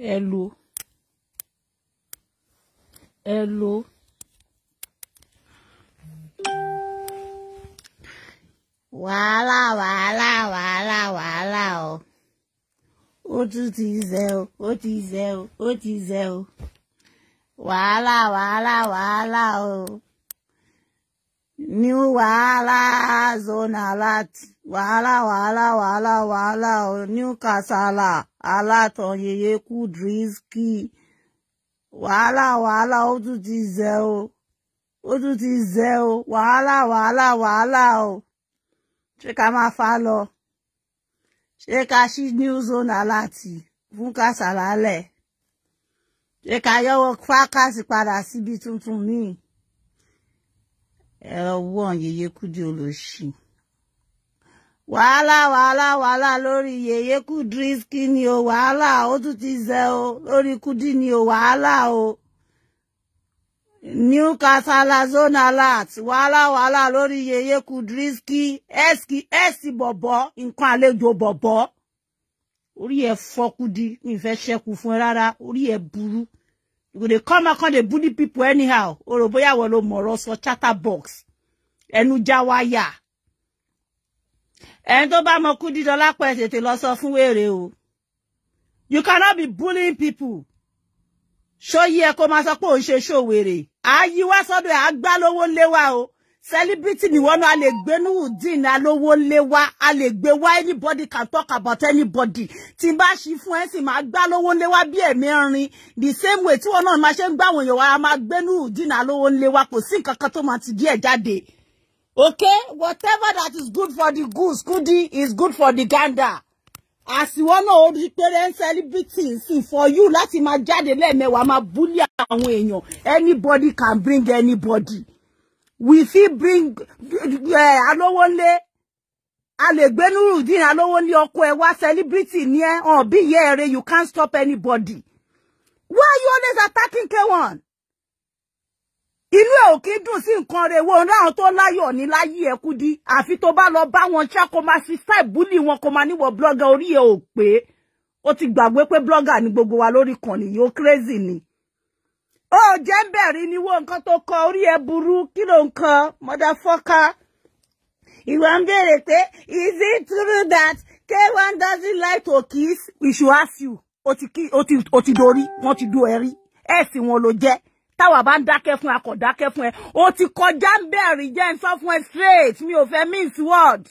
hello hello wàhálà wàhálà wàhálà wàhálà o ó tún What is o What is zẹ o ó ti zẹ o wàhálà wàhálà wàhálà o new wàhálà zone alert wàhálà wàhálà wàhálà wàhálà new kasala alátọyẹyẹ Kudrisky wàhálà wàhálà ó tún ti zẹ o ó tún ti zẹ o wàhálà wàhálà wàhálà o ṣé ká máa fa lọ ṣé ká ṣí new zone aláàtì fún kasala lẹ ṣé ká yọwọ fákàsì padà síbi tuntun míì ẹ wọ yẹyẹ Kudi olóṣì. wàhálà wàhálà wàhálà lórí yèyé Kúdírísì ni o wàhálà ó tún ti zẹ o lórí Kúdí ni o wàhálà o new kasala zone alert wàhálà wàhálà lórí yèyé Kúdírísì ẹsì ẹsì bọ̀bọ̀ nǹkan àlejò bọ̀bọ̀ orí ẹ fọkúdi mi fẹ́ ṣẹ́kù fún ẹ rárá orí ẹ burú you go dey come dey bully people anyhow o rò bóyá wọ́n lo mọ̀rọ̀ sọ chatterbox ẹnu já wáyà. ẹni tó bá mọ Kúdídọlá pẹ̀ tètè lọ sọ fún wèrè o you cannot be bullying people ṣóyí ẹ kó máa sọ pé òun ṣe ṣòwèrè ààyè wá sọ́dọ̀ ẹ̀ àgbá lówó léwá o celebrity nìwọ́nà a lè gbé nuhudin alówó léwá a lè gbé wá anybody can talk about anybody tí n bá ṣí fún ẹ sì máa gbá lówó léwá bí ẹ̀mí rin the same way tí wọn náà máa ṣe ń gbàwọn èèyàn wa a máa gbé nuhudin alówó léwá kò sí nǹkan kan tó máa ti díẹ̀ jáde. Okay? Whatever that is good for the goose, goody is good for the gander. Àsìwọ́ náà ó rí the parents, celebrity sí for you láti máa jáde lẹ́ẹ̀mẹ́wàá máa búlí àwọn èèyàn. Anybody can bring anybody. We fit bring I don't eh, want alówólé. A din. gbé Nurudeen alówólé ọkọ ẹ wa celebrity ni ẹ hàn bí ìyá you can't stop anybody. Why are you always attacking K1? inú ẹ ò kí dùn sí nǹkan rẹ wo ráhùn tó láyọ̀ ní láyé ẹ kúdí àfi tó bá lọ bá wọn ṣá kó máa fi sáì wọn kó máa níwọ blọga orí ẹ ò pé ó ti gbàgbé pé blọga ni gbogbo wa lórí kàn nìyí ó crazy ni. ó jẹ́ ń bẹ̀rí ni wo nǹkan tó kọ orí ẹ burú kí ló ń kọ mọ́dáfọ́ká. ìwà ń béèrè pé is it true that k1 doesn't like to kiss we should ask you ó ti dorí wọ́n ti do ẹ̀rí ẹ̀sìn wọn ló jẹ́ táwa bá ń dákẹ́ fún akọ̀ dákẹ́ fún ẹ o ti kọjá ń bẹ̀rì jẹ́ ń sọ fún ẹ straight mi ò fẹ́ miss word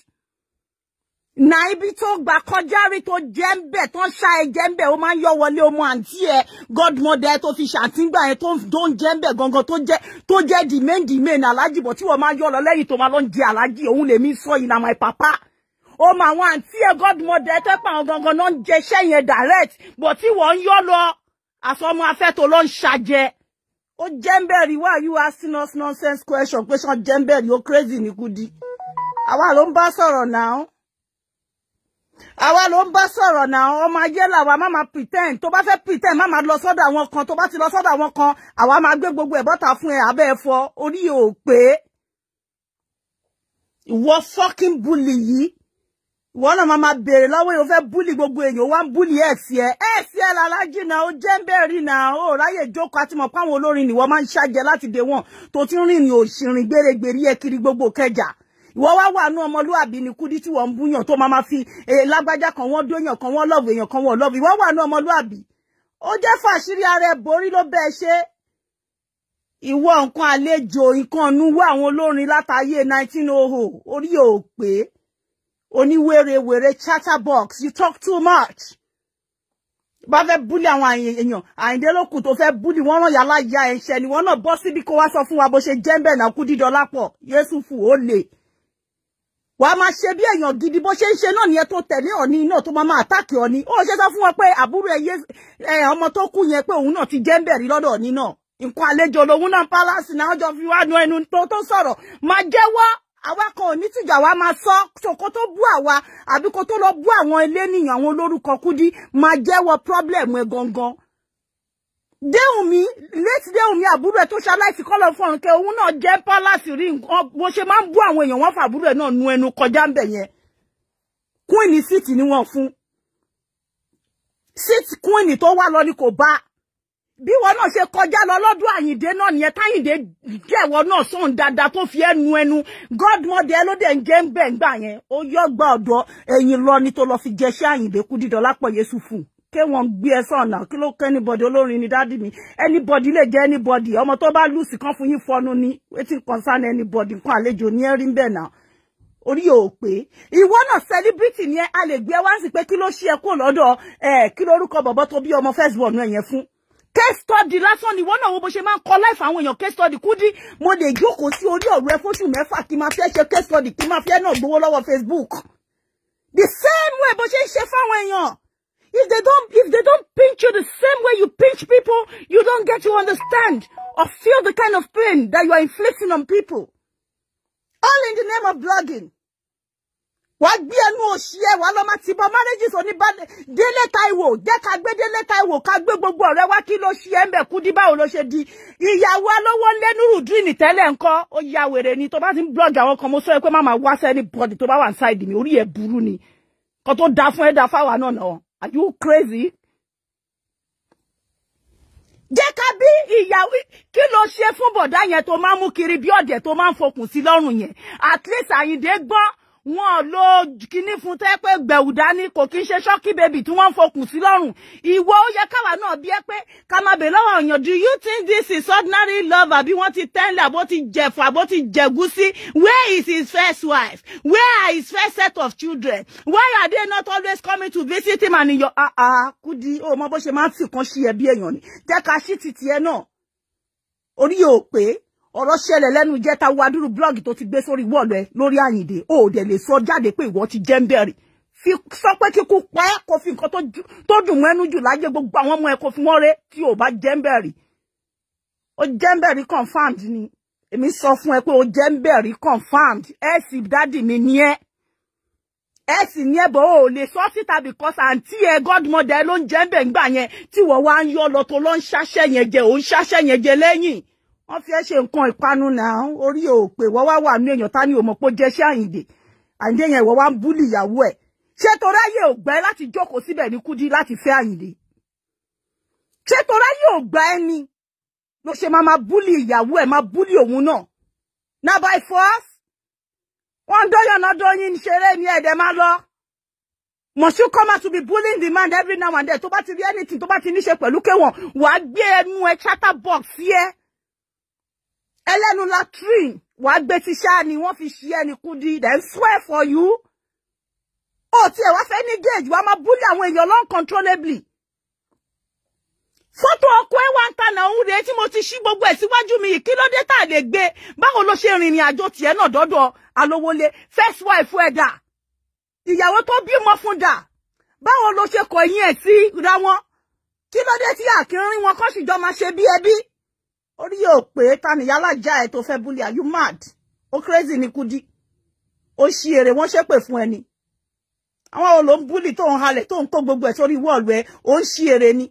na ibi tó gbà kọjá rí tó jẹ́ ń bẹ̀ tó ń ṣá ẹ jẹ́ ń bẹ̀ ó máa ń yọ wọlé ọmọ àǹtí ẹ godmother tó fi ṣàtìgbà ẹ tó ń jẹ́ ń bẹ̀ gangan tó jẹ́ tó jẹ́ the main the main alájì bọ̀ tí wọ́n máa yọ lọ lẹ́yìn tó máa lọ ń jẹ alájì òun lèmi sọ yìí na my papa ó máa wọn àǹtí ẹ godmother ẹ tẹ́ pa àwọn gangan náà ń jẹ iṣẹ́ yẹn direct bọ̀ tí wọ́n ń yọ lọ àsọmọ afẹ́ tó lọ ń ṣàjẹ́ ó jẹ́ńbẹ̀rì why are you asking us nonsense question Question ṣan jẹ́ńbẹ̀rì ó crazy ní Kudi àwa ló ń now. sọ̀rọ̀ náà àwa ló ń bá sọ̀rọ̀ náà ọmọ ayé làwa má máa pretend tó bá fẹ́ pretend má máa lo soda àwọn kan tó bá ti lọ sọ́dọ̀ àwọn kan àwa máa gbé gbogbo ẹ̀ bọ́ta fún e abẹ́ ẹ̀fọ́ orí ò pé ìwọ fucking bully yìí wọ́n náà máa ma béèrè lọ́wọ́ yìí ó fẹ́ búlì gbogbo èèyàn wá ń búlì ẹ̀ sí ẹ ẹ̀ sí ẹ lálájì náà ó jẹ́ ń bẹ̀rì náà ó ráyè jókòó àti mọ̀ páwọn olórin nìwọ máa ń ṣàjẹ́ láti dé wọn tó ti rìn ní òṣìrìn gbèrègbèrè ẹ kiri gbogbo kẹjà ìwọ wá wà ní ọmọlúwàbí ni kúdí tí wọ́n ń búyàn tó máa fi e, lágbájá kan wọ́n dóyàn kan wọ́n lọ́ọ̀bù èèyàn kan wọ́n lọ́ọ̀bù ìwọ wà ní ọmọlúwàbí ó jẹ́ fàṣírí ara ẹ̀ borí ló bẹ́ẹ̀ ṣe ìwọ nǹkan àlejò nǹkan nú wọ àwọn olórin látàyè 1900 oníwèrè wèrè chatterbox you talk too much bá fẹ́ búlì àwọn èèyàn àyíndé lókùn tó fẹ́ búlì wọ́n ràn yàrá ya ẹ̀ṣẹ̀ ni wọ́n náà bọ́ síbi kó wá sọ fún wa bó ṣe jẹ́ńbẹ̀ náà kú dídọ́ lápọ̀ yéṣùfù ó lè wàá máa ṣe bí èèyàn gidi bó ṣe ń ṣe náà nìyẹn tó tẹ̀lé ọ̀ní náà tó máa máa àtàkì ọ̀ní ó ṣe sọ fún wọn pé àbúrò ẹ̀yẹ ọmọ tó kú yẹn pé òun náà ti jẹ́ńbẹ̀ rí lọ́dọ̀ ọ̀ní náà nǹkan àlejò lòun náà palace náà jọ fi wá nu ẹnu tó tó sọ̀rọ̀ máa jẹ́wọ́ àwa kan ò ní tìjà wa máa sọ so kó tó bú àwa àbí kó tó lọ bú àwọn eléníyàn àwọn olórúkọ kúdí máa jẹ́wọ́ problem ẹ̀ gangan déhùnmí létí déhùnmí àbúrò ẹ tó ṣaláìsí kọlọ fún ọrùn kẹ òun náà jẹ pálásì rí nǹkan bó ṣe máa ń bú àwọn èèyàn wọn fàbúrò ẹ náà nu ẹnu kọjá ń bẹ yẹn queen síìtì ni wọn fún síìtì queen tó wá lọ ni kò bá bí wọn náà ṣe kọjá lọ lọ́dún àyìndé náà nìyẹn táyìndé jẹ́wọ́ náà sóhun dáadáa tó fi ẹnu ẹnu godmother ẹlódé ń jẹ́ ń bẹ̀ ń gbà yẹn ó yọ́gbà ọ̀dọ̀ ẹ̀yìn lọ ni tó lọ́ọ́ fi jẹ́ṣẹ́ àyìndé kú dídọ̀ lápọ̀ yéṣu fún un ké wọn gbé ẹ sọ̀nà kí ló kẹ́ anybody olórin ni dáàdì mi anybody lè jẹ́ anybody ọmọ tó bá lùsì kan fún yín fọnú ni wetin concern anybody nǹkan àlejò ní ẹ̀rí ń bẹ̀ náà orí ò pé ìwọ náà celebrity ni ẹ a lè gbé wá sí pé kí ló ṣe ẹ kó lọ́dọ̀ ẹ kí lórúkọ bọ̀bọ̀ tó bí ọmọ first born ẹ yẹn fún case study lásán ni wọ́n náà wo bó ṣe máa ń kọ life àwọn èèyàn case study Kudi mo lè jókòó sí orí ọ̀rọ̀ ẹ fóṣù mẹ́fà kí máa fẹ́ ṣe case study kí máa fẹ́ náà gbowó lọ́wọ́ Facebook the same way bó ṣe ń ṣe fáwọn èèyàn if they don't if they don't pinch you the same way you pinch people you don't get to understand or feel the kind of pain that you are inflicting on people all in the name of blogging wàá gbé ẹnu òṣì ẹ wàá lọ máa ti bọ marriages oníbàdàn délé Táíwò jẹ́ ká gbé délé Táíwò ká gbé gbogbo ọ̀rẹ́ wá kí ló ṣe ẹ ń bẹ kú dí báwo ló ṣe di ìyàwó alówó lẹ́nu rùdírìnì tẹ́lẹ̀ ńkọ́ ó ya wèrè ni tó bá ti ń blọọgì àwọn kan mo sọ ẹ pé má máa wá sẹ́ni bọ́dì tó bá wà inside mi orí e burú ni kan tó da fún ẹ da fáwa náà náà are you crazy jẹ́ ká bí ìyàwó kí ló ṣe fún bọ̀dá yẹn tó máa ń mú kiri bí ọ̀dẹ̀ tó máa ń fokùn sí lọ́rùn at least Àyìndé gbọ́n wọn lo kinní fún tẹ́ pé gbẹ̀wù dání kò kí n ṣe ṣọ́kì bèbí tí wọ́n fokùn sí lọ́rùn ìwọ ó yẹ káwa náà bí ẹ pé ká máa bè lọ́wọ́ èèyàn do you think this is ordinary love àbí wọ́n ti tẹ́lẹ̀ àbó ti jẹ̀fọ́ àbó ti jẹ̀gúsí where is his first wife where are his first set of children why are they not always coming to visit him and your ah ah Kudi o mọ bó ṣe máa ń tì kan ṣí ẹbí èèyàn ni jẹ́ ká ṣí titi ẹ náà orí yóò pé ọ̀rọ̀ ṣẹlẹ̀ lẹ́nu ìjẹta wo adúrú blọ́ọ̀gì tó ti gbé sórí wọ́ọ̀lù ẹ lórí àyìndé o dẹ̀ lè sọ jáde pé ìwọ ti jẹ́ fi sọ pé kíkú pa ẹ́ kò fi nǹkan tó dùn mọ́ ẹnu jù láyé gbogbo àwọn ọmọ ẹ kò fi wọ́n ré tí ò bá jẹ́ ń bẹ̀rẹ̀ o jẹ́ confirmed ni èmi sọ fún ẹ pé o jẹ́ confirmed ẹ sì dádì mi ni ẹ ẹ sì ní ẹbọ ò lè sọ síta because àǹtí ẹ godmother ló ń jẹ́ ń bẹ̀ ń gbà yẹn tí wọ́n wá ń yọ lọ tó lọ ń ṣáṣẹ́ yẹn jẹ òun ṣáṣẹ́ yẹn jẹ lẹ́yìn wọ́n fi ẹ́ ṣe nǹkan ìpanu náà orí òpè wọ́n wá wà ní èèyàn ta ni òmò pé jẹ́ ṣé àyìndè àyìndé yẹn ìwọ wá ń búlì ìyàwó ẹ̀ ṣé torí ayé ò gbà ẹ́ láti jókòó síbẹ̀ ní kúdí láti fẹ́ àyìndé ṣé torí ayé ò gbà ẹ́ ni ló ṣe máa máa búlì ìyàwó ẹ̀ máa búlì òun náà na by force wọ́n ń dóyàn náà dóyin ṣeré ni ẹ̀dẹ̀ máa lọ must you come out to be bullying the man every now and then tó bá ti rí anything tó bá ti níṣe pẹ̀lú kéwọ̀n wàá gbé ẹnu ẹ chatter box yẹ. Yeah? ẹlẹ́nu latrine wà á gbé tíṣà ni wọ́n fi ṣí ẹni kú di then swear for you ó tiẹ̀ wá fẹ́ ní gage wàá máa búlẹ̀ àwọn èèyàn uncontrollably fọ́tò ọkọ̀ ẹ̀ wá ń tanà òun rèé tí mo ti ṣí gbogbo ẹ̀ síwájú mi yìí kí ló dé tá a lè gbé báwo ló ṣe rìnrìn àjò tiẹ̀ náà dọ́dọ̀ alówólé first wife ẹ̀ dà ìyàwó tó bímọ fún dà báwo ló ṣe kọ̀ yín ẹ̀ sí ra wọn kí ló dé tí àkínrín wọn kọ́ ṣìjọ́ máa ṣe bí ẹbí orí ò pé ta ni yálàjà ẹ tó fẹ́ búlẹ̀ are you mad ó crazy ní Kudi ó ṣí èrè wọ́n ṣépè fún ẹni àwọn ò ló ń búlì tó ń halẹ̀ tó ń kó gbogbo ẹ̀ sórí wọ́ọ̀lù ẹ ó ń ṣí èrè ni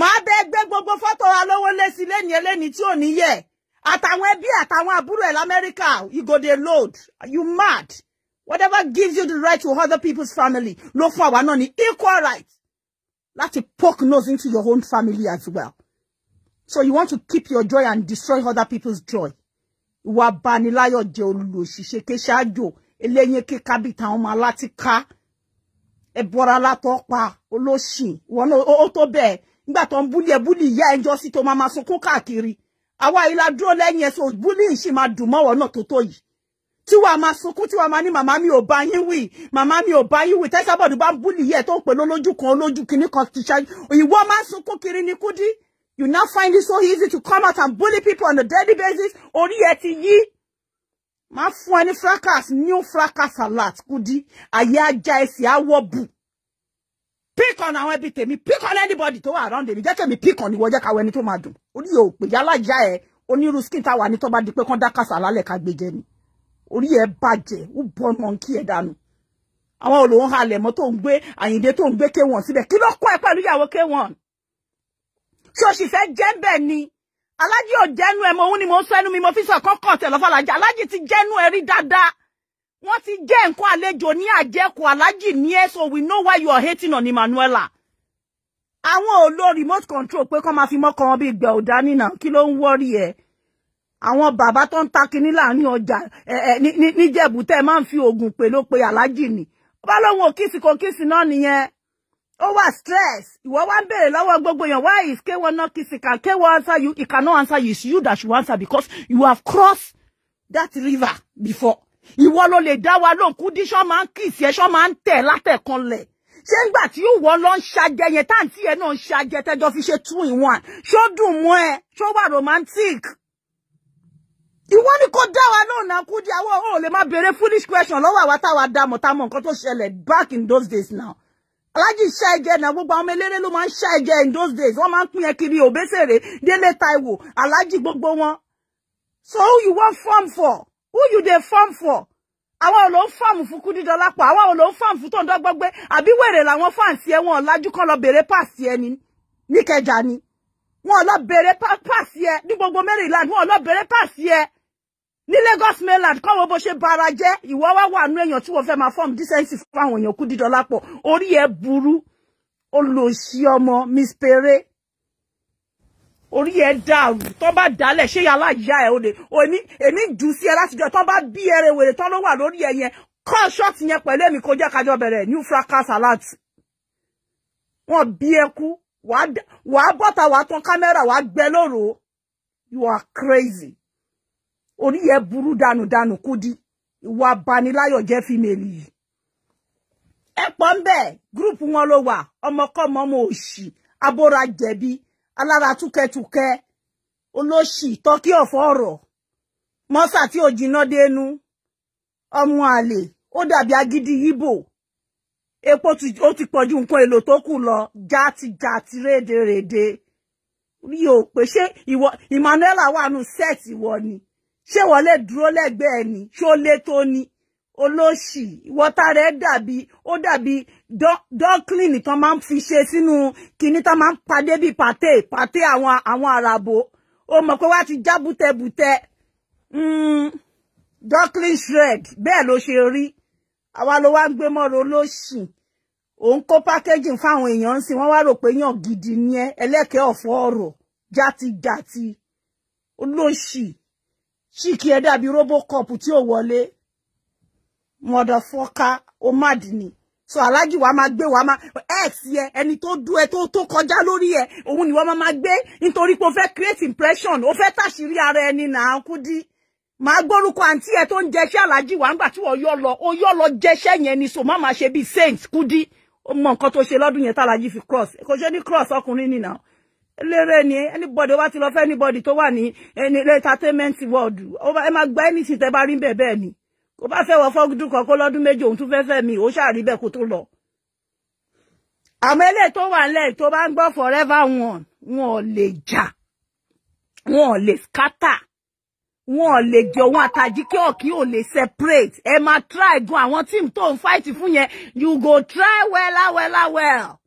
màá bẹ gbé gbogbo fọ́tò alówó lẹ́sí lẹ́ni ẹlẹ́ni tí ò ní yẹ àtàwọn ẹbí àtàwọn àbúrò ẹ̀ lamẹ́ríkà you go dey load are you mad whatever gives you the right to other people's family ló fún àwa náà ní equal right láti poke nose into your own family as well. So you want to keep your joy and destroy other people's joy. Ìwà baniláyọ̀ jẹ́ olùlòṣìṣẹ́ ké ṣáájò eléyín ké kábí táwọn ọmọ alátíká ẹ̀bọ̀ra látọ̀ pa olóṣìn ìwọ náà ó tó bẹ́ẹ̀ nígbà tó ń búlì ẹ̀ búlì ìyá ẹjọ́ sí tó máa máa sunkún káàkiri àwa ìlà dúró lẹ́yìn ẹ̀sọ́ búlì ìṣì máa dùn mọ́wọ́ náà tó tó yìí tí wàá máa sunkún tí wàá máa ní màmá mi ò bá yín wì màmá mi ò bá yín wì tẹ́sàbọ̀dù bá ń búlì yẹ tó ń pè lólójú kan olójú kinní kan ti ṣáájú ìwọ máa sunkún kiri ní kúdí You now find it so easy to come out and bully people on a daily basis. Orí ẹ ti yí. Má fracas, new fracas alert, kudi. Ayé ajá ẹsẹ̀ bu. Pick on our ẹbí me pick on anybody tó wà around èmi. Jẹ́ me pick on ìwọ jẹ́ káwọ to madu. máa dùn. Orí ẹ ò pé yálà skin táwa ní tó bá di pé kán dá kàsà lálẹ́ ká gbé jẹ ni. Orí ẹ bàjẹ́, ó bọ́ mọ̀nkí ẹ̀ dànù àwọn olùwọ́n halẹ̀ mọ́ tó ń gbé àyíǹde tó ń gbé k1 síbẹ̀ kí ló kọ́ ẹ pẹ̀lú ìyàwó k ṣòṣì fẹ́ jẹ́ bẹ́ẹ̀ ni alájì ò jẹ́nu ẹ̀ mọ òun ni mò ń sọ mi mo fi sọ kọ́kọ́ tẹ̀ lọ́fọ́ alájì alájì ti jẹ́nu ẹ̀ rí dáadáa wọ́n ti jẹ́ nǹkan àlejò ní àjẹkù alájì ní ẹ̀ so we know why you are hating on Emmanuela àwọn ò lo remote control pé kọ́ máa fi mọ́kàn wọn bíi gbẹ̀ ọ̀dá nínà kí ló ń wọ́rí ẹ̀ àwọn bàbá tó ń ta kinní láàrin ọjà níjẹ̀bù tẹ́ ẹ máa ń fi oògùn pè ló pe alájì ni bá lóun ò kíìsì kò kíìsì náà nìyẹn Over stress ìwọ wá ń béèrè lọ́wọ́ gbogbo èèyàn why is K1 not kissing can K1 answer you he cannot answer you it's you that should answer because you have crossed that river before ìwọ ló lè dá wa lóhùn kú díṣọ́ máa ń kìsì ẹṣọ́ máa ń tẹ̀ látẹ̀kanlẹ̀ ṣé ńgbà tí ìwọ lọ ń ṣajẹ yẹn táǹtí ẹ náà ń ṣajẹ tẹjọ fi ṣe two in one ṣó dùn mọ́ ẹ ṣó wà romantic ìwọ ni kò dá wa náà náà kú di àwọn ò lè má béèrè foolish question lọ́wọ́ àwa táwa dá mọ̀ tá mọ̀ nǹkan tó ṣẹlẹ̀ back in those days now. Alaji ṣá ẹ̀jẹ̀ náà gbogbo àwọn eléré ló máa ń ṣá ẹ̀jẹ̀ in those days wọ́n máa ń pín yẹn kiri òbésèrè délé taiwo alaji gbogbo wọn so who you wan form for who you dey form for àwọn ò ló ń fọ́ọ̀mù fún Kúdídọlápọ̀ àwọn ò ló ń fọ́ọ̀mù fún Tóńdọ́gbọ́gbé àbí wèrè làwọn fáǹsì ẹ wọn ọ̀làjú kan lọ bèrè páàsì ẹni níkẹjà ni wọn ò lọ bèrè páàsì ẹ ní gbogbo Maryland wọn ò lọ bèrè páàsì ẹ ní Lagos mainland kọ́ wo bó ṣe bara jẹ́ ìwọ wá wà nú èèyàn tí wọ́n fẹ́ máa form decency fún àwọn èèyàn Kúdídọ́lá pọ̀ orí ẹ̀ burú olòṣì ọmọ miss pere orí ẹ̀ dàrú tó bá dálẹ̀ ṣé yàrá ìyá ẹ̀ òde èmi èmi jù sí ẹ látijọ́ tó bá bí ẹrẹ wèrè tó ló wà lórí ẹ yẹn kọ́ ṣọ́ọ̀tì yẹn pẹ̀lú èmi kó jẹ́ kájọ bẹ̀rẹ̀ new fracas alert wọn bí ẹ kú wàá bọ́ta wàá tán kámẹ́rà wàá gbẹ lóru you are crazy orí yẹ burú dànù dànù kúdí ìwà abaniláyọ̀ jẹ́ fímèlì yìí ẹ pọ̀ ń bẹ̀ gúrùpù wọn ló wà ọmọkọ́mọ ọmọ òṣì abóra jẹ̀bi alára túkẹ́túkẹ́ olóṣì tọ́kí ọ̀fọ́ ọ̀rọ̀ mọ́sà tí ò jiná ọmọ àlè ó dàbí agídí yíbò epo ó ti pọ̀jù nǹkan èlò tó kù lọ játijàti rédèrèdè rí o pé ṣé ìwọ Emmanuel wà nù sẹ́ẹ̀tì wọ ni ṣé wọ́n lè dúró lẹ́gbẹ̀ẹ́ ẹni ṣó lé tó ní olóṣì wọ́tá rẹ̀ dàbí ó dàbí dọ́klìn tán máa ń fi ṣe sínú kinní tán máa ń padé bíi pàté pàté àwọn àwọn àràbò ó mọ̀ pé wá ti já bútẹ́bútẹ́ hmm, dọ́klìn shred bẹ́ẹ̀ ló ṣe rí àwa ló wá ń gbé mọ́rọ̀ olóṣì òun kó pákéjì fáwọn èèyàn ń sìn wọ́n wá rò pé yàn gidi ni ẹ ẹlẹ́kẹ̀ẹ́ ọ̀fọ́ ọ̀rọ̀ játijàti olóṣì ṣíkì ẹ dàbí robocop tí ò wọlé mọdọfọka ó má dì ní so aláàjì wa máa gbé wa máa ex yẹ ẹni tó dú ẹ tó tó kọjá lórí ẹ òun ni wọn máa gbé nítorí pé o fẹ́ create impression o fẹ́ tàṣírí ara ẹni náà Kudi màá gbórúkọ àǹtí ẹ tó ń jẹṣẹ́ aláàjì wa ńgbà tí wọ́n yọ lọ ó yọ lọ jẹṣẹ́ yẹn ni so má máa ṣe bíi saint Kudi ó mọ nǹkan tó ṣe lọ́dún yẹn tàlàjì fi cross kò ṣe ní cross ọkùnrin nìyà eléré ni anybody wá ti lọ fẹ́ anybody tó wà ní entertainment world ẹ máa gba anything tẹ́ bá rí bẹ́ẹ̀ bẹ́ẹ̀ ni kò bá fẹ́ wọ fọ́dún kan kó lọ́dún méje òun tún fẹ́ fẹ́ mi ò ṣàrí bẹ́ẹ̀ kó tó lọ. àmọ́ eléyìí tó wà nílẹ̀ tó bá ń gbọ́ forever one wọn ò lè jà wọn ò lè scatter wọn ò lè jọ wọn àtàjíkẹ́ ọ̀kí ò lè separate ẹ máa try Go àwọn tíìmù tó ń fight fún yẹn you go try wella wella well. well, well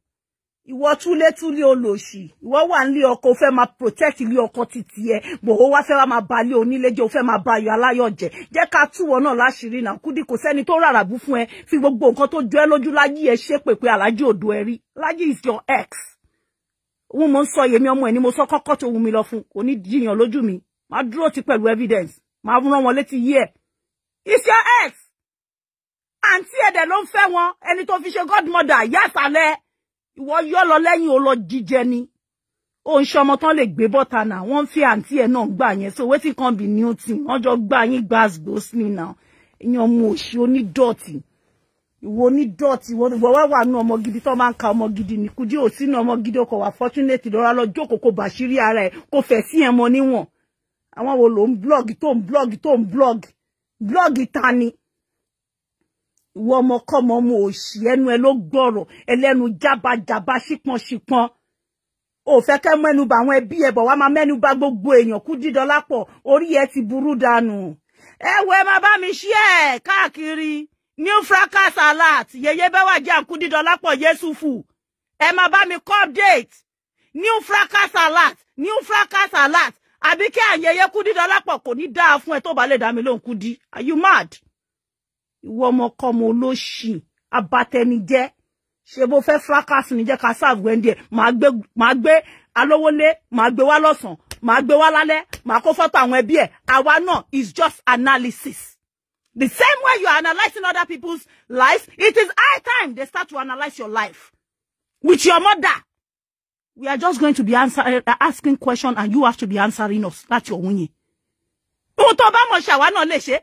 ìwọ túlé túlé olòṣì ìwọ wà nílé ọkọ ó fẹ́ máa protect ilé ọkọ títí ẹ bò ó wá fẹ́ wá máa ba ilé onílé jẹ́ ó fẹ́ máa ba ayọ̀ aláyọ̀ jẹ́ jẹ́ ká túwọ náà láṣìírí náà kúdí kò sẹ́ni tó ràràbù fún ẹ fi gbogbo nǹkan to jọ ẹ lójú láyé ẹ ṣépè pé alájí òdo ẹ rí láyé is your ex wọn mo ń sọ yèmí ọmọ ẹ ni mo sọ kọ́kọ́ tó wù mí lọ fún kò ní jiyàn lójú mi máa dúró ti pẹ̀lú evidence máa rán wọn létí yí is your ex àǹtí ẹdẹ ló ń fẹ́ wọn ẹni tó fi ṣe godmother yàtàlẹ ìwọ yọ lọ lẹ́yìn o lọ jíjẹ ni ó ń ṣọmọ tán lè gbé bọ́ta náà wọ́n ń fi àǹtí ẹ̀ náà gbà yẹn so wetin kan be new thing wọ́n jọ gbà yín gbàgbós ni náà èèyàn mu òṣì onídọ̀tí ìwọ onídọ̀tí ìwọ wá wà nù ọmọ gidi tó máa ń ka ọmọ gidi ní Kúdí ò sínú ọmọ gidi ọkọ̀ wà fortunate lọ́ra lọ jókòó kó bàṣírí ara ẹ̀ kó fẹ̀ sí ẹ̀ mọ níwọ̀n àwọn wo ló ń blog tó ń blog tó ń blog blog ta ni ìwọ ọmọkọ́mọ ọmọ òṣì ẹnu ẹ ló gbọ́rọ̀ ẹlẹ́nu jábàjábà ṣípọnṣípọn ò fẹ́ kẹ́ mẹ́nu bà àwọn ẹbí ẹ bọ̀ wá máa mẹ́nu bà gbogbo èèyàn kú dídọ́lá pọ̀ orí ẹ ti burú dànù ẹ wo ẹ máa bá mi ṣí ẹ káàkiri new fracas alert yeye bẹ́wà jẹ́ àkúdídọ́lá pọ̀ yéṣùfù ẹ máa bá mi kọ́ update new fracas alert new fracas alert àbí kí àyẹyẹ kúdídọ́lá pọ̀ kò ní dáa fún ẹ tó bá lè dá mi lóhùn kúdí are you mad ìwọ ọmọkọ́mọ olóṣì abatẹnijẹ́ ṣe bó fẹ́ fracas ni jẹ́ ká sáàbù ẹni díẹ̀ màá gbé alówólé màá gbé wá lọ́sàn màá gbé wá lálẹ́ màá kó fọ́tò àwọn ẹbí ẹ̀ àwa náà is just analysis the same way you are analysing other people's lives it is high time they start to analyse your life with your mother we are just going to be answer, uh, asking questions and you have to be answering us that's your wunye. ohun tó bá mọ̀ ṣe àwa náà lè ṣe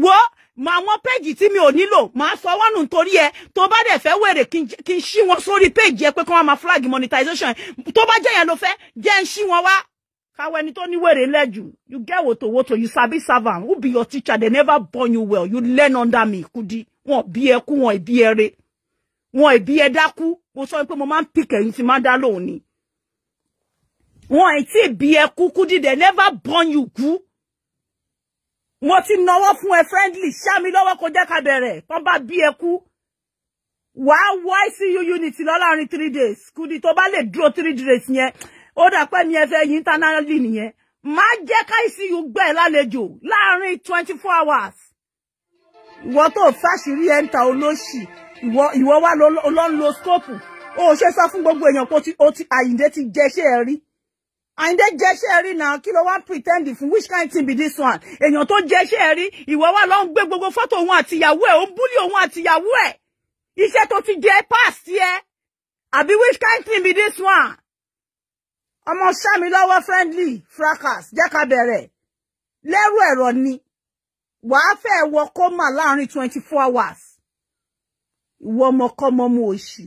wo mọ àwọn péjì tí mi ò nílò màá sọ wọ́n nù torí ẹ tó bá dẹ̀ fẹ́ wèrè kí n ṣí wọn sórí péjì ẹ pé kí wọ́n máa flag monetization tó bá jẹ́ yẹn ló fẹ́ jẹ́ ń ṣí wọn wá káwọn ẹni tó ní wèrè lẹ́jù you get wotowoto you sabi serve am who be your teacher they never born you well you learn under me kudi wọn bí ẹ kú wọn ìbí ẹ re wọn ìbí ẹ dákú mo sọ pé mo máa ń pìkẹ́ yín tí máa dá lóhùn ni wọn ì bí ẹ kú kudi they never born you kú mo ti nawọ́ fún ẹ friendly ṣá mi lọ́wọ́ kó jẹ́ ká bẹ̀rẹ̀ kán bá bí ẹ kú wàá wọ ICU unit lọ́láàrin three days kùdì tó bá lè dúró three days yẹn ó dà pé mi ẹ fẹ́ yín internally nìyẹn má jẹ́ ká ICU gbẹ̀ lálejò láàrin twenty four hours ìwọ tó fàṣírí ẹ̀ ń ta olóṣì ìwọ wà ló ń lo scope ó ṣe sọ fún gbogbo èèyàn pé Àyìndé ti jẹ́ ṣé ẹ rí. And jẹ́ṣẹ́ ẹ̀rí náà kí ló wá pretend fún which kind thing be this one èèyàn tó jẹ́ṣẹ́ ẹ̀rí ìwọ wa ló ń gbé gbogbo fọ́tò òun àtìyàwó ẹ̀ ó ń búlì òun àtìyàwó ẹ̀ iṣẹ́ tó ti jẹ́ pass yẹ àbí which kind thing be this one ọmọ sami lọ́wọ́ friendly fracas jẹ́ ká bẹ̀rẹ̀ lẹ́rù ẹ̀rọ ni wàá fẹ́ wọ kọ́mà láàrin twenty four hours ìwọ ọmọkọ́mọ mú òṣì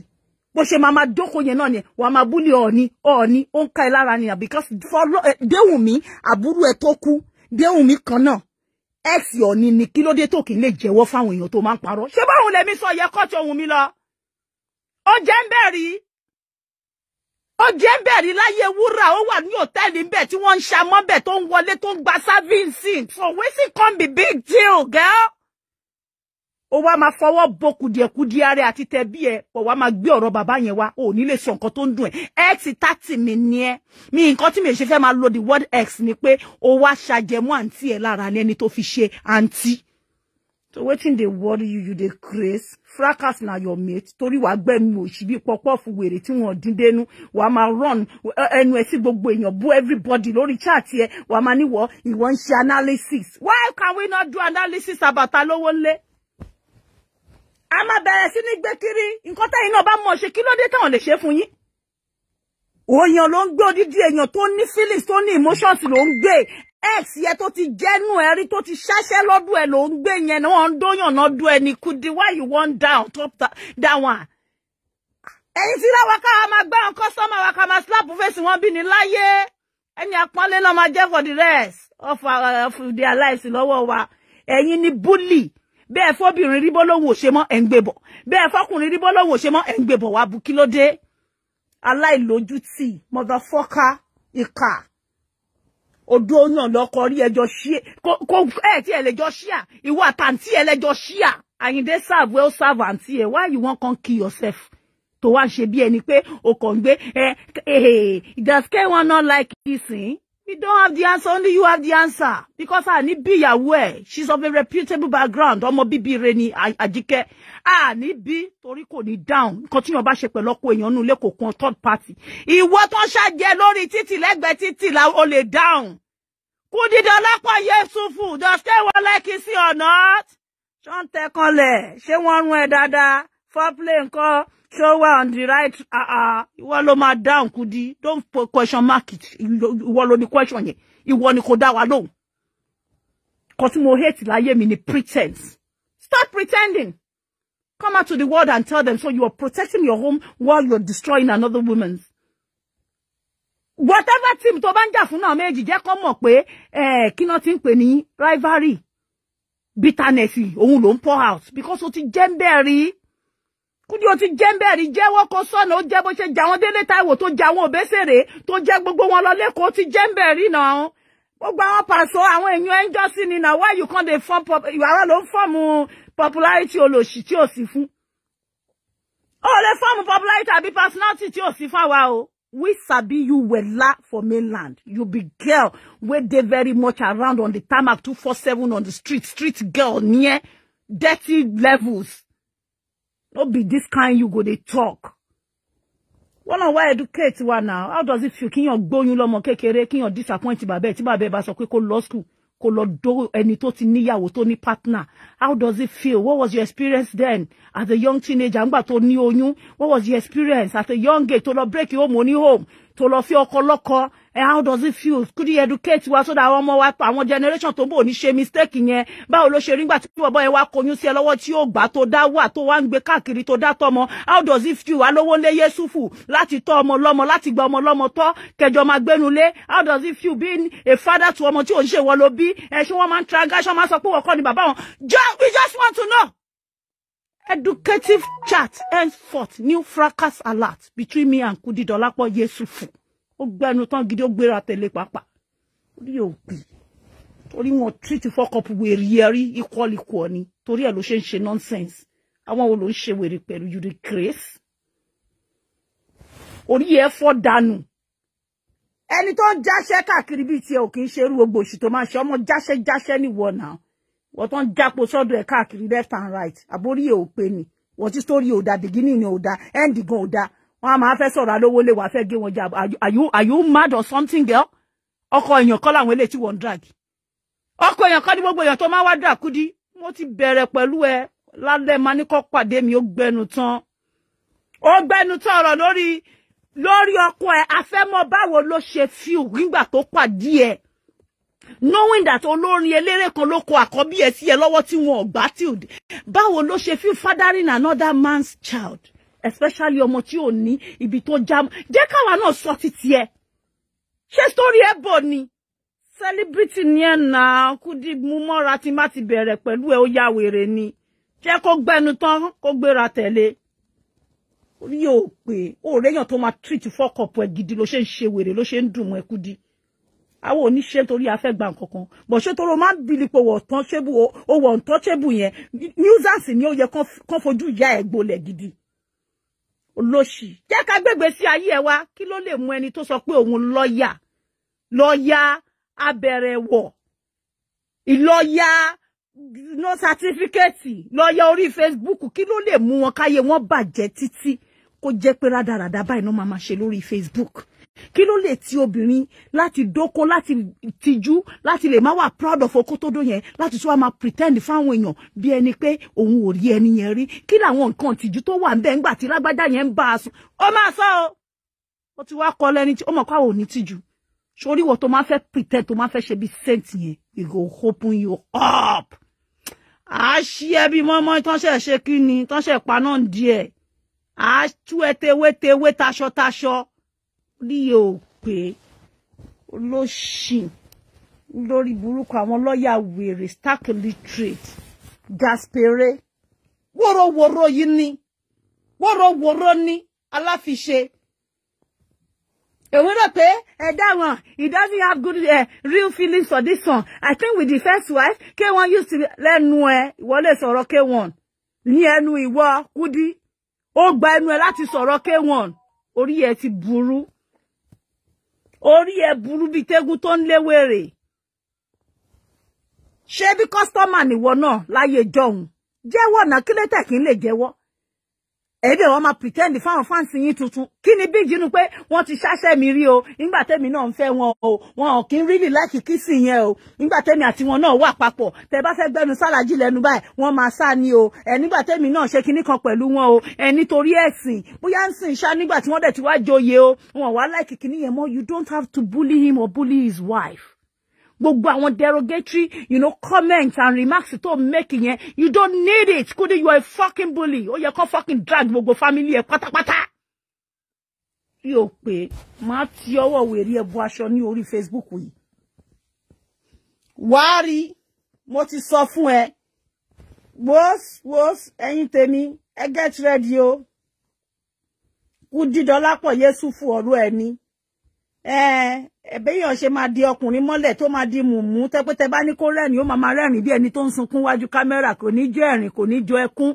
bó ṣe máa máa jókòó yẹn náà ni wàá máa búlì ọ̀ọ́ni ọ̀ọ́ni ó ń ká ẹ lára nìyà because fọlọ́ déwùmí àbúrò ẹ tó kú déwùmí kan náà x ọ̀ọ́ni ni kí ló dé tó kì í lè jẹ́wọ́ fáwọn èèyàn tó máa ń parọ́ ṣé báwọn lèmi sọ yẹ kọ́ tí ohun mi lọ ó jẹ́ ń bẹ̀rì ó jẹ́ ń bẹ̀rì láyé wúrà ó wà ní òtẹ́ẹ̀lì ńbẹ̀ tí wọ́n ń ṣamọ́ bẹ̀ tó ń wọlé tó ń gba sáfíìsì so wetin come be big deal girl o wá máa fọwọ́ bo kùdìẹ̀kudì ara àti tẹ̀bí ẹ̀ pọ̀ wá máa gbé ọ̀rọ̀ bàbá yẹn wá o ní lè sọ nǹkan tó ń dùn ẹ̀ x thirty mi ni ẹ́ mi nǹkan tí mi ṣe fẹ́ máa lo the word x ni pé o wá ṣàjẹmọ́ àǹtí ẹ̀ lára ní ẹni tó fi ṣe àǹtí. so waiting the word you you dey craze fracas na your mate torí wàá gbẹ̀mí òṣì bíi pọpọ́ọ̀fù wèrè tí wọ́n dín dénú wàá máa run ẹnu ẹ̀ sí gbogbo èèyàn bú everybody lori chaàtì ẹ̀ wàá máa níwọ̀ ìwọ̀n ń ṣe analysis why can we not do analysis about alówó lé a máa bẹ̀rẹ̀ sí ní gbé kiri nǹkan tẹ́yìn náà bá mọ̀ ṣe kí ló dé táwọn lè ṣe fún yín òyàn ló ń gbé odidi èèyàn tó ní feelings tó ní emotions ló ń gbé ex yẹ tó ti jẹ́nu ẹ̀rí tó ti ṣáṣẹ́ lọ́dún ẹ̀ ló ń gbé yẹn ni wọ́n ń dóyàn náà dún ẹni kudi why you wan down top down one. ẹ̀yin tí láwa káwa máa gbá àwọn kọ́sọ́mà wa ká máa slap fèsì wọn bí ní láyé ẹni àpọ́nlé náà máa jẹ́ for the rest of, our, of their lives lọ́wọ́ wa ẹ̀yin ni bully bẹ́ẹ̀ e fọ́bìnrin rí bọ́lọ́hùn òṣè mọ́ ẹ̀ e ń gbé bọ̀ bẹ́ẹ̀ e fọ́kùnrin rí bọ́lọ́hùn òṣè mọ́ ẹ̀ ń gbé bọ̀ wá bu kí ló dé aláìlójútì mọ́tàfọ́ká ìkà odò náà lọkọ rí ẹjọ ṣíà kó ẹ tí ẹ lẹjọ ṣíà ìwọ àtàǹtí ẹ lẹjọ ṣíà àyíndé serve well serve àǹtí ẹ why you wan come kill yourself tó wá ń ṣe bí ẹni pé o kàn gbé ẹ ẹ does k one not like this? Eh? You don't have the answer, only you have the answer. Because I need be aware. She's of a reputable background. Ọmọ bíbí rẹ̀ ni Àjíkẹ́. A ní bí torí kò ní down. Continue tí yàn bá ṣe pẹ̀lú ọkọ èèyàn nù lẹ́kọ̀ọ́ kan third party. Ìwọ tó ṣàjẹ́ lórí títì lẹ́gbẹ̀ẹ́ títì la o lè down. Kúdìdọ́lápọ̀ Yéṣùfù, does they want like you see or not? Ṣé wọ́n tẹ kanlẹ̀? Ṣé wọ́n rún ẹ foreplay nǹkan Show wà on the right Ah ah. ìwọ ló máa down. Kudi don't put question mark it ìwọ ló ní question yẹn ìwọ ni kò dá wa lóhùn kan tí mo hate láyé mi ni pretense stop pretending come out to the world and tell them so you are protecting your home while you are destroying another woman's whatever team to bá ń jà fún náà méjì jẹ́ kó mọ̀ eh kí náà ti ń rivalry bitterness òun ló ń pour out because o ti jẹ́ ń Kúdí o ti jẹ́ ń bẹ́ẹ̀ rí jẹ́wọ́ kó sọ̀nà ó jẹ́ bó ṣe jà wọ́n délé Táíwò tó jà wọ́n Òbésèré tó jẹ́ gbogbo wọn lọ lẹ́kọ̀ọ́ ó ti jẹ́ ń bẹ́ẹ̀ gbogbo àwọn pàṣọ àwọn èèyàn ẹjọ́ sí ni náà why you come dey form ìwàrọ̀ ló ń fọ́ọ̀mù popularity olòṣì tí ò sí fún ó lè fọ́ọ̀mù popularity àbí personality tí ò sí fún àwa o we sabi you wella for mainland you be girl wey dey very much around on the tarmac two four seven on the street street girl near dirty levels no be this kind you go They talk wọn náà wá educate one now how does it feel Can you gbóyún lọ́mọ kékeré kíyàn disappoint bàbá ẹ tí bàbá be. bá sọ pé kó lọ school kó lọ dó ẹni tó ti níyàwó tó ní partner how does it feel what was your experience then as a young teenager ńgbà to ní oyún what was your experience as a young girl To lọ break home oní home To lọ fi ọkọ lọ́kọ how does it feel could you educate wa so that àwọn ọmọ wa àwọn generation tó ń bọ̀ ní mistake yẹn báwo ló ṣe rí nígbà tí bọ́bọ́ yẹn wá koyún sí ẹ lọ́wọ́ tí ó gbà tó to wà tó wá ń gbé káàkiri tó dá tọmọ how does it feel wa lówó lé Yéṣùfù láti tọ́ ọmọ lọ́mọ láti gba ọmọ lọ́mọ tọ́ kẹjọ máa gbénu lé how does it feel being a father to ọmọ tí ò ń ṣe wọn ló bí ẹ ṣé wọ́n máa ń traga ṣé wọ́n máa ni bàbá wọn we just want to know educative chat henceforth new fracas alert between me and Kudi Dolapo Yesufu ó gbẹnu tán gidi ó gbéra tẹ̀lé pàápàá orí ò pè torí wọn treat fọkọpù wèrè ẹrí ikọlikọ ni torí ẹ ló ṣe ń ṣe nonsense àwọn wo ló ń ṣe wèrè pẹ̀lú you dey craze orí ẹ fọ́ dànù ẹni tó ń jáṣẹ́ káàkiri bíi tiẹ̀ ò kì í ṣe irú gbogbo òṣì tó máa ṣe ọmọ jáṣẹ́ jáṣẹ́ nìwọ náà wọ́n tó ń jápo sọ́dọ̀ ẹ̀ káàkiri left and right àbórí ẹ̀ ò pé ni wọ́n ti sórí ò da bìgínì ni ò da end gan ò wọn a máa fẹ́ sọ̀rọ̀ alówó lè wá fẹ́ gé wọn jà are you are you mad or something girl ọkọ èèyàn kọ́ làwọn eléyìí tí wọ́n ń drag ọkọ èèyàn kọ́ ni gbogbo èèyàn tó máa wá drag kúdí mo ti bẹ̀rẹ̀ pẹ̀lú ẹ lálẹ́ máa ní kọ́ pàdé mi ó gbẹnu tán ó gbẹnu tán ọ̀rọ̀ lórí lórí ọkọ ẹ afẹ́mọ́ báwo ló ṣe feel nígbà tó pàdé ẹ knowing that olórin eléré kan ló kọ àkọ́bí ẹ sí ẹ lọ́wọ́ tí wọn ò gbá tìlde báwo ló ṣe feel fathering another man's child especially ọmọ tí ò ní ibi tó já mọ́ jẹ́ káwa náà sọ títí ẹ ṣé sórí ẹ bò ni celebrity ni ẹ nà kúdí mú mọ́ra tí má ti bẹ̀rẹ̀ pẹ̀lú ẹ ó yá wèrè ni jẹ́ kó gbẹnu tán kó gbéra tẹ̀lé orí ò pé òòrèèyàn tó máa treat fọ́kọ̀pù ẹ gidi ló ṣe ń ṣe wèrè ló ṣe ń dùn mọ́ ẹ kúdí àwọn ò ní ṣe torí afẹ́ gba nǹkan kan bọ̀ ṣé tóró máa ń bilipo wọ̀ tán yẹn nuisance ni ó yẹ kán fojú ìyá ẹ̀ gbolẹ̀ gidi olóṣì jẹ́ ká gbégbé sí ayé ẹ wá kí ló lè mú ẹni tó sọ pé òun lọ́ọ̀yà lọ́ọ̀yà abẹ̀rẹ̀wọ̀ ìlọ́ọ̀yà no sátífíkẹ́ẹ̀tì lọ́ọ̀yà orí Facebook kí ló lè mú wọn káyé wọn bàjẹ́ títí kó jẹ́ pé rádaràda báyìí ló máa máa ṣe lórí Facebook kí ló lè ti obìnrin láti dóko láti tijú láti lè má wà proud of oko tó dó yẹn láti tún wá máa pretend fáwọn èèyàn bí ẹni pé òun ò rí ẹni yẹn rí kí làwọn nǹkan tìjú tó wà ńbẹ̀ ńgbà tí lágbájá yẹn ń bá a sùn ó máa sọ o ó ti wá kọ lẹni tí ó mọ̀ káwọn ò ní tìjú sórí wọn tó máa fẹ́ pretend tó máa fẹ́ ṣe bí saint yẹn we go open you up a ṣí ẹbí mọ́mọ́ tán ṣe ṣe kí ni tán ṣe pa náà díẹ̀ a tú ẹ tewé tewé taṣọ taṣọ orí yóò pé olóṣìn lórí burúkú àwọn lọ́ọ̀yà wèrè stark literate gaspere wọ́rọ̀wọ́rọ̀ yìí ni wọ́rọ̀wọ́rọ̀ ni aláfiṣe èwe rò pé ẹ̀dá wọn he doesn't have good uh, real feelings for this one I think with the first wife k One used to lẹ́nu ẹ̀ ìwọ lè sọ̀rọ̀ k One. ní ẹnu ìwọ Kudi ó gba ẹnu ẹ̀ láti sọ̀rọ̀ k One. orí ẹ̀ ti burú orí ẹ burú bíi tégún tó ń léwèrè ṣé bí kọ́sítọ́mà nìwọ náà láyé jọ̀hún jẹ́wọ́ náà kí lẹ́tẹ̀ kí lè jẹ́wọ́ ẹbí ẹ wọn pretend fáwọn fáǹsì yín tuntun kí ni bíjì nu pé wọ́n ti ṣáṣẹ mi rí o nígbà tẹmí náà ń fẹ́ wọn o wọn ò kí ń really like kìsì yẹn o nígbà tẹmí àti wọn náà wà papọ̀ tẹ bá fẹ́ gbẹnu sálàjì lẹ́nu báyìí wọ́n máa sá ni o ẹ nígbà tẹmí náà ṣe kinní kan pẹ̀lú wọn o ẹ nítorí ẹ̀sìn bóyá ń sìn ṣá nígbà tí wọ́n dẹ̀ ti wá joyè o wọn wá like kinní yẹn mọ́ you don't have to bully him or bully his wife gbogbo àwọn derogatory you know comments and remarks tó make yẹn you don't need it kódé you are a fucking bully ó yẹ kó fucking drag gbogbo family ẹ pátápátá. yóò pé máa ti ọwọ́ wèrè ẹ aṣọ ní orí Facebook yìí. wàá rí mo ti sọ fún ẹ wos wos ẹ̀yin tèmi ẹ get ready o kú dídọ́lápọ̀ yéṣu fún ọ̀rọ̀ ẹni. Eh, eh, béèyàn ṣe máa di ọkùnrin mọ́lẹ̀ tó máa di mùmú tẹ́pẹ́tẹ́ bá ní kó rẹ́rìn ó máa máa rẹ́rìn bí ẹni tó ń sunkún wájú kámẹ́rà kò ní jọ ẹ̀rìn kò ní jọ ẹkún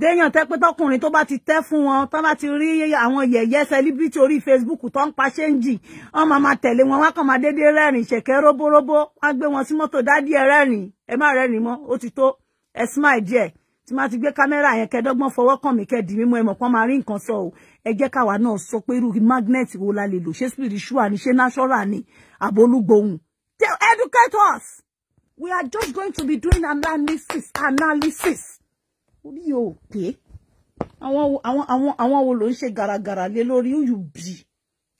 déèyàn tẹ́pẹ́ tọkùnrin tó bá ti tẹ́ fún wọn tó bá ti rí àwọn yẹ̀yẹ́ sẹlíbítì orí Facebook tó ń pa ṣéǹjì wọn máa máa tẹ̀lé wọn wọn kàn máa déédéé rẹ́rìn ṣẹ̀kẹ́ róbóróbó wọn gbé wọn sí mọ́tò dádìí ẹ rẹ́rìn ẹ má rẹ́rìn mọ́ ó ti tó ẹ smile díẹ̀ tí máa ti gbé kámẹ́rà yẹn kẹ́dọ́gbọ́n fọwọ́ kàn mí kẹ́ dì mímú ẹ mọ̀ pọ́n máa rí nǹkan sọ o ẹ káwa náà sọ pé irú magnet wo la lè lò ṣé spiritual ni ṣé natural ni àbólúgbohùn educate us we are just going to be doing analysis analysis orí o pé àwọn àwọn àwọn àwọn wo ló ń ṣe gàràgàrà lé lórí yù bì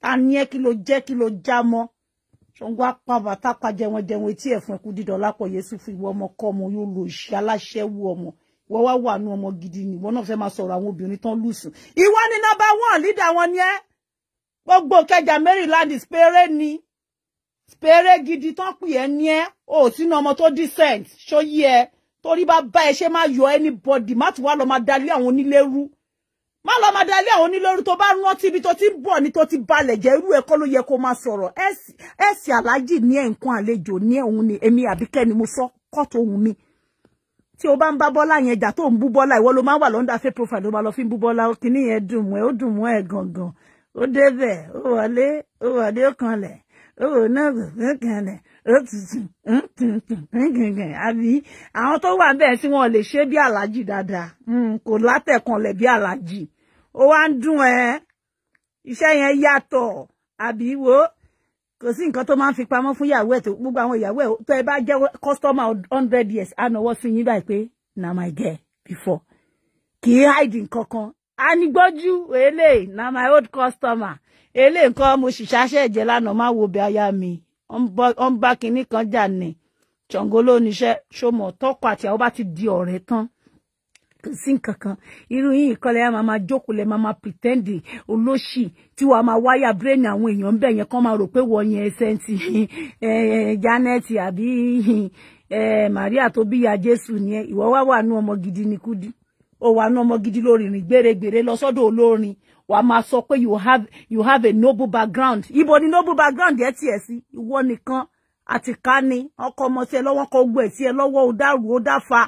ta ni ẹ kí ló jẹ́ kí ló já mọ́ ṣọ̀ngọ́ apàbàtà pàjẹwọn jẹun etí ẹ̀fọn ẹkú dídọ̀ lápọ̀ ìwọ ọmọ kọ́ ọmọ yóò lo ìṣe aláṣẹ́wó ọmọ wọ́n wá wà nú ọmọ gidi ni wọ́n náà fẹ́ máa sọ̀rọ̀ àwọn obìnrin tán lùsùn ìwọ ni nọ́mbà one leader wọn ni ẹ́ gbogbo kẹjà Maryland péré ni péré gidi tán pè ẹ́ ni ẹ́ ò sínú ọmọ tó decent ṣóyí ẹ torí bá bá ẹ ṣe máa yọ anybody má tún wá lọ máa dalé àwọn onílérú má lọ máa dalé àwọn onílérú tó bá rántí ibi tó ti ń bọ̀ ni tó ti balẹ̀ jẹ́ irú ẹ̀kọ́ ló yẹ kó máa sọ̀rọ̀ ẹ̀sì aláàjì ní ẹ̀ nǹkan àlejò ní ẹ̀ òun ni èmi àbíkẹ́ ni mo sọ kọ́tò òun mi tí o bá ń bá Bọ́lá yẹn jà tó ń bú Bọ́lá ìwọ ló máa wà lọ́ndà fake profile ló máa lọ fi ń bú Bọ́lá kínní yẹn dùn mọ́ ẹ ó dùn mọ́ ẹ gangan ó débẹ̀ ó wọlé ó wọlé ó kanlẹ̀ ó wò náà ó kanlẹ̀ ó tuntun ó tuntun ó gàngàn àbí àwọn tó wà bẹ́ẹ̀ tí wọ́n lè ṣe bí aláàjì dáadáa hmm, kò látẹ̀kànlẹ̀ bí aláàjì ó wá ń dùn ẹ́ iṣẹ́ yẹn yàtọ̀ àbí wo kò sí nǹkan tó máa ń fi pamọ́ fún ìyàwó ẹ̀ tó gbogbo àwọn ìyàwó ẹ̀ tó ẹ bá jẹ́ customer 100 years á sí yín báyìí pé na my girl before kì í hide nǹkan a á ní na my old customer ele nǹkan mo sì ṣàṣẹ lánàá ma wo aya mi kan jà àti ti ọ̀rẹ́ tán sí nǹkan kan irú yín ìkọlẹ̀ yà máa máa jókòó lẹ̀ máa máa pretend olóṣì tí wàá máa wáyà brain àwọn èèyàn ń bẹ̀ yẹn kán máa rò pé wọ́n yẹn ẹsẹ̀ Janet àbí eh, Maria tó bíya Jésù ni ẹ ìwọ wá wà nú ọmọ gidi ní kúdí ó wà nú ọmọ gidi lórí rìn gbèrègbèrè lọ sọ́dọ̀ olórin wàá máa sọ pé you have you have a noble background ibo ni noble background yẹn tiẹ̀ sí ìwọ nìkan àtìká ni ọkọ ọmọ tiẹ̀ lọ́wọ́ kọ gbọ́ ẹ̀ tiẹ̀ lọ́wọ́ ó dá rú ó dá fa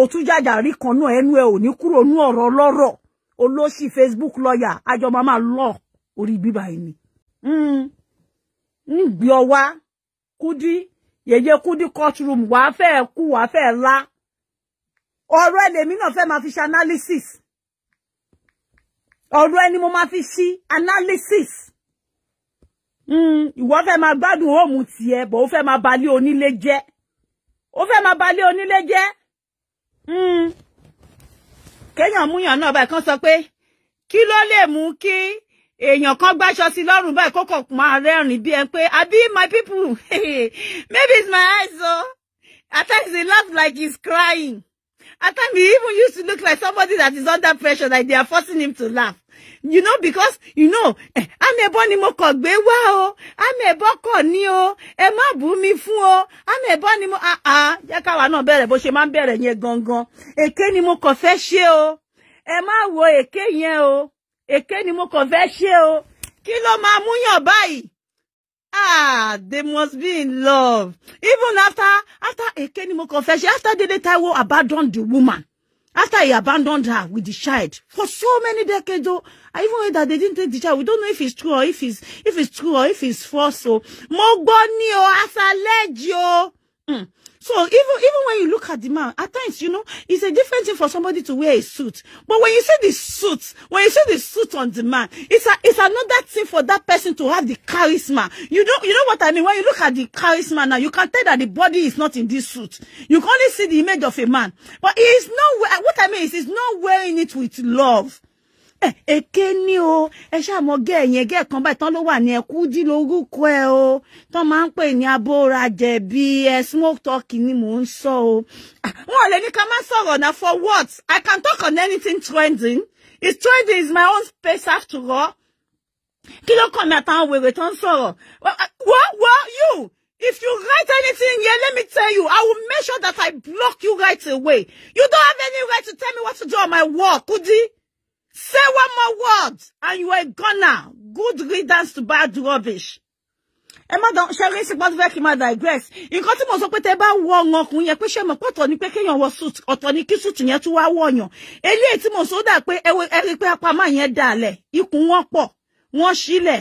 otu tún jàjàrí kan náà ẹnu ẹ ò kuro kúrò ní ọ̀rọ̀ ọlọ́rọ̀ olóṣì facebook lọ́yà àjọ lọ orí bíbá Mm, nígbì ọwá yeye yèyé kúdí courtroom wàá fẹ́ kú wàá fẹ́ la ọ̀rọ̀ ẹlẹ́mí náà ma fi si analysis oro eni mo ma fi si analysis iwo hmm. fe ma gbadun home ti bọ̀ ofe ma máa balẹ̀ onílé jẹ́ ó fẹ́ máa balẹ̀ Hmm. kéèyàn múyàn náà báyìí kan sọ pé kí ló lè mú kí èèyàn kan gbáṣọ sí lọ́rùn báyìí kókò máa rẹ́rìn bí ẹ pé àbí my people maybe it's my eyes o I times he laugh like he's crying. At time he even used to look like somebody that is under pressure, like they are forcing him to laugh. You know, because, you know, eh, amẹ̀bọ ni mo kàn gbé wá o, I'm a ni o, ẹ má bú mi fún o, amẹ̀bọ ni mo, ah ah, jẹ́ káwa bere bẹ̀rẹ̀ bó ṣe máa ń gong, yẹn gangan. Èké ni mo kàn fẹ́ ṣe o, ẹ má wo eke nye o, èké ni mo kàn fẹ́ o, kí ló máa múyàn ah they must be in love even after after ekenimo confession after Dele Taiwo abandoned the woman after he abandoned her with the child for so many decades though even heard that they didn't take the child we don't know if it's true or if it's if it's true or if it's false so oh. mo gbọ́ So even even when you look at the man, at times, you know, it's a different thing for somebody to wear a suit. But when you see the suit, when you see the suit on the man, it's a, it's another thing for that person to have the charisma. You know, you know what I mean? When you look at the charisma now, you can tell that the body is not in this suit. You can only see the image of a man. But he is not, what I mean is he's not wearing it with love. Eh, èké ní o ẹ ṣàmọ gẹ ẹyìn ẹgẹ kan báyìí tán ló wà ní ẹkú dí lórúkọ ẹ o tán máa ń pè ní abórajẹ bíi ẹ smoke talk ni mò ń sọ o. wọn ah, ò lè ní ká má sọ̀rọ̀ náà for what i can talk on anything trending it's trending is my own space after all. kí ló kàn mí àtàwọn wèrè tán sọ̀rọ̀ wọ́n uh, wọ́n you. If you write anything here, let me tell you, I will make sure that I block you right away. You don't have any right to tell me what to do on my work, Kudi. Say one more word and you are a goner. Good riddance to bad rubbish. Emma don't. dán ṣe rí sípọ́n tó fẹ́ kí n máa digress nǹkan tí mo sọ pé tẹ bá wọ ọ̀nà ọkùnrin yẹn pé ṣé mọ̀ pọ̀tọ̀ ni pé kéèyàn wọ suit ọ̀tọ̀ ni kí suit yẹn tún wá wọ̀yàn eléyìí tí mo sọ dà pé ẹ rí pé apamọ́ yẹn dà lẹ̀ ikùn wọn pọ̀ wọ́n sílẹ̀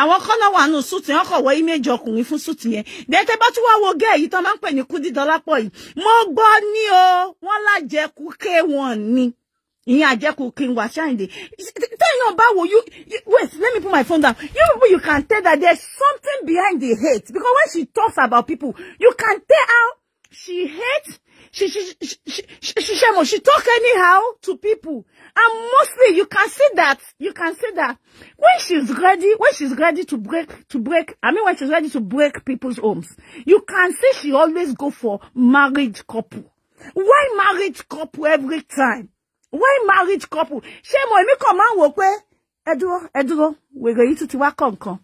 àwọn kọ́nà wà nù suit yẹn kọ̀ wọ image ọkùnrin fún suit yẹn bẹ́ẹ̀ tẹ bá tún wá wo gẹ́ èyí tán máa ń pè ní kúdídọ́lápọ̀ yìí mo gbọ́ ní o wọ́n lájẹkú ké wọn ìyẹn àjẹkù King Wasiainde tẹ́yàn báwo you wait let me put my phone down you people you can tell that there's something behind the hate because when she talks about people you can tell how she hates. she she she she she she, she talk anyhow to people and mostly you can see that you can see that when she's ready when she's ready to break to break I mean when she's ready to break people's homes you can see she always go for married couple why married couple every time why marriage couple ṣé mo èmi kàn máa ń wò pé ẹ dúró ẹ dúró wèrè yìí tún ti wá kọ̀ọ̀kan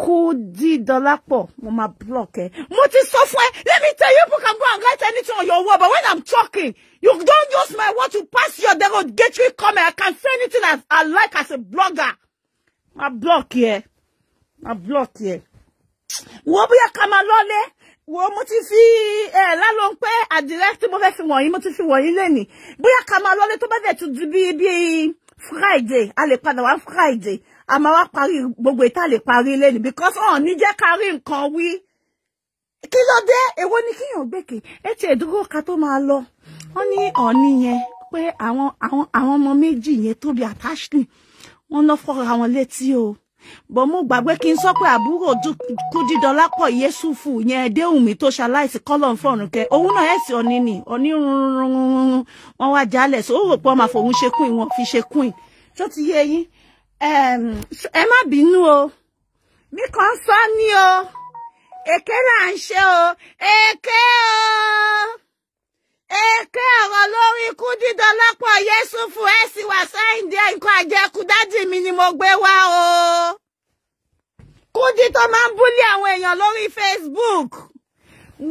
kó dí Dọlápọ̀ mo máa block ẹ mo ti sọ fún ẹ let me tell you people can go and write anything on your wall but when i'm talking you don't use my word to pass your derogatory comment i can say anything as i like as a blogger ma block yẹ ma block yẹ wo bóyá ká máa lọ́lé wo mo ti fi ẹ eh, lálọ pé àdìrẹ tí mo fẹ́ fi wọ̀nyí mo ti fi wọ̀nyí lẹ́nì bóyá ká máa lọlé tó bá dẹ̀ tún di bíi bíi friday a lè padà wá friday a máa wá parí gbogbo ìta lè parí lẹ́nì because ọ̀n ní jẹ́ ká rí nǹkan wí kí ló dé èwo ni kíyàn gbèkè ẹ ti ẹ̀dúró ká tó máa lọ wọ́n ní ọ̀ọ́ni yẹn pé àwọn àwọn àwọn ọmọ méjì yẹn tóbi àtàṣì wọ́n lọ fọ́ra wọn létí o bọ́ mo gbàgbé kí n sọ pé àbúrò Kúdídọlápọ̀ Yẹ́sùfù yẹn Adéwùmí tó ṣaláìsí kọ́lọ̀n fọ̀rùn kẹ òun náà ẹ̀sìn ọ̀nì ni onírúurú wọn wá jálẹ̀ sí ó rò pé wọn máa fòun ṣe kùn ìwọ̀n fi ṣe kùn tó ti yé yín ẹ má bínú o mi kàn sọ ni o èké là ń ṣe o èké o èké ọ̀rọ̀ lórí Kúdídọlápọ̀. Yẹ́sùfù ẹ̀ sì wà sáyìndé nǹkan àjẹkù dádì mi ni mo gbé wá o. Kúdí tó máa ń búlí àwọn èèyàn lórí Facebook.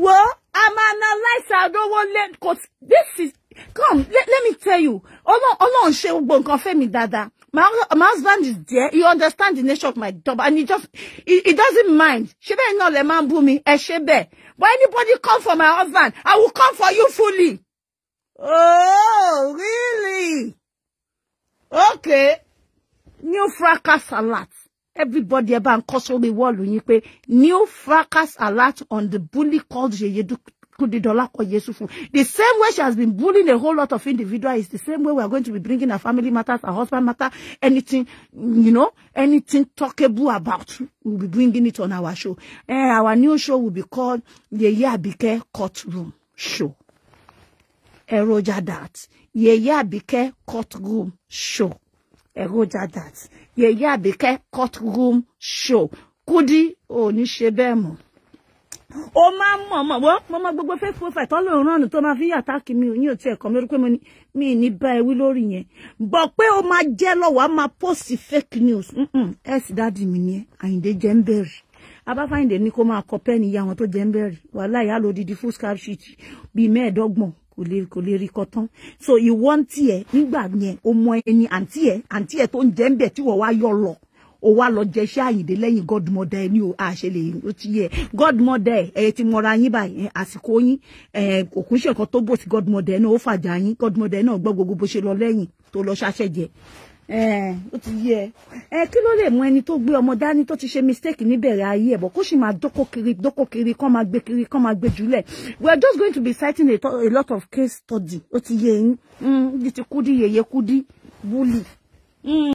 Wo a máa na láìsí àdówó lé Cause this is come let, let me tell you Ọlọ́run ṣe gbogbo nǹkan fẹ́mi dáadáa. My, my husband is there. He understand the nature of my job and he just, he, he doesn't mind. She bẹ́ẹ̀ náà lè man ń bú mi, ẹ ṣe bẹ́ẹ̀. But anybody come for my husband, I will come for you fully. Oh, really? Okay. New fracas alert. Everybody about ń the sórí when you pé new fracas alert on the bully called Yeyedu Kudidolapo Yesufun. The same way she has been bullying a whole lot of individuals is the same way we are going to be bringing our family matters, our husband matter, anything, you know, anything talkable about. We'll be bringing it on our show. And eh, our new show will be called the Yabike Courtroom Show èròjà dat yèyé àbíkẹ́ courtroom show èròjà dat yèyé àbíkẹ́ courtroom show Kudi ò ní ṣe bẹ́ẹ̀ mọ́ mama, máa ń mọ̀ mọ̀ wọ́n mo mọ gbogbo fẹ́ fún fẹ̀ tọ́lọ́ ìrànù tó máa fi yà táàkì mi ò ní òtí ẹ̀kọ́ mi rí mi ní bá ẹ wí lórí yẹn bọ̀ pé ó máa jẹ́ lọ́wọ́ á máa pòsì fake news ẹ̀ sì dáàdì mi nìyẹn àyìndé jẹ́ Aba bẹ̀rẹ̀ abáfáyìndé ní kó máa kọ pẹ́ẹ́nì iye àwọn tó jẹ́ ń bẹ̀rẹ̀ wàhálà ìyá lòdìdí full scarf sheet bíi mẹ́ẹ̀ẹ́dọ́gbọ̀n kò lè kò lè rí kọ tán so ìwọ ń tiẹ̀ nígbà yẹn o mọ ẹni àǹtí ẹ̀ àǹtí ẹ̀ tó ń jẹ́ ń bẹ̀ tí wọ́n wá yọ lọ o wá lọ jẹ iṣẹ́ àyìndé lẹ́yìn godmother ẹ ní o àṣẹ lè o ti yẹ godmother ẹ ẹ ti mọra yín báyìí àsìkò yín ẹ òkú tó bò sí godmother ẹ náà ó fàjà yín godmother ẹ náà gbọ́ gbogbo bó ṣe lọ lẹ́yìn tó lọ ṣàṣẹjẹ Eh, ó ti yé ẹ eh, kí ló lè mú ẹni tó gbé ọmọ dání tó ti ṣe mistake níbẹ̀rẹ̀ ayé ẹ̀ bọ̀ kó sì máa dókò kiri dókò kiri kán máa gbé kiri kán máa gbé jùlẹ̀ we are just going to be citing a, a lot of case study ó ti yé yín mm, ti kúdí yèyé kúdí wúlì. Mm.